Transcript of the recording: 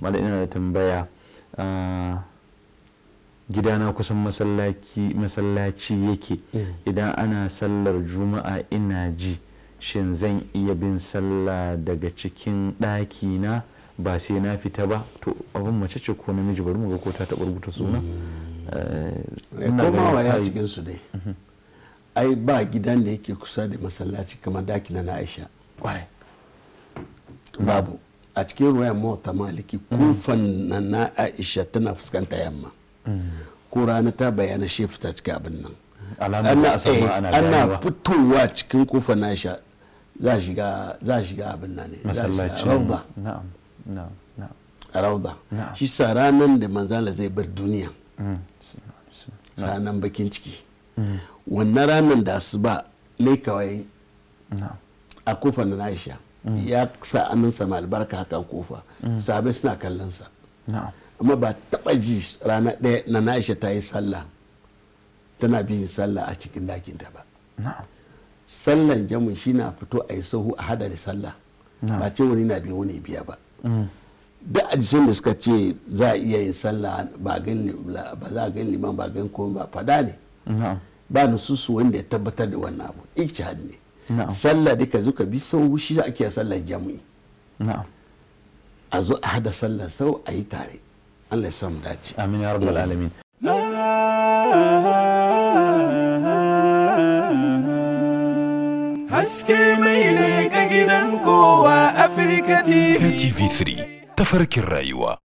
malam ina da tambaya gidana kusan masallaci yake mm. idan ana sallar juma'a ina ji shin zan iya bin sallah daga cikin ɗaki na ba sai na fita ba to abin mace ce ko namiji bari mu ga ko ta taɓa rubuta suna eh, komawa ya cikin su dai mhm. ai ba gidan da yake kusa da masallaci kamar daki na aisha babu a cikin ruwan mota maliki kufan na na aisha tana fuskanta yamma ko rana ta bayana shi fita cikin abin nan ana eh, fitowa cikin kufan na aisha za a shiga abin nan ne rauda rauda shi sa ranar da manzala zai bar duniya mm. ranar bakin ciki wannan ranar da asuba ba laikawai a kufan na aisha ya sa aninsa mai albarka haka kofa sahabai suna kallonsa amma ba taba ji rana ɗaya na na'isha ta yi sallah tana bin sallah a cikin dakinta ba sallan jamun shi na fito a yi sahu a hada da sallah ba ce wani na biya wani biya ba mm. da jisun da suka ce za a iya yin sallah ba za a gani liman ba gan komai ba fada ne ba nususu wanda ya tabbatar da wannan abu ijtihad ne sallah da ka zo ka bi sau shi za a kiya sallah jami'i a zo a hada sallar sau a yi tare Allah ya samu dace amin ya rabbal alamin haske mai ne ga gidan kowa Afirka TV. KTV3 tafarkin rayuwa.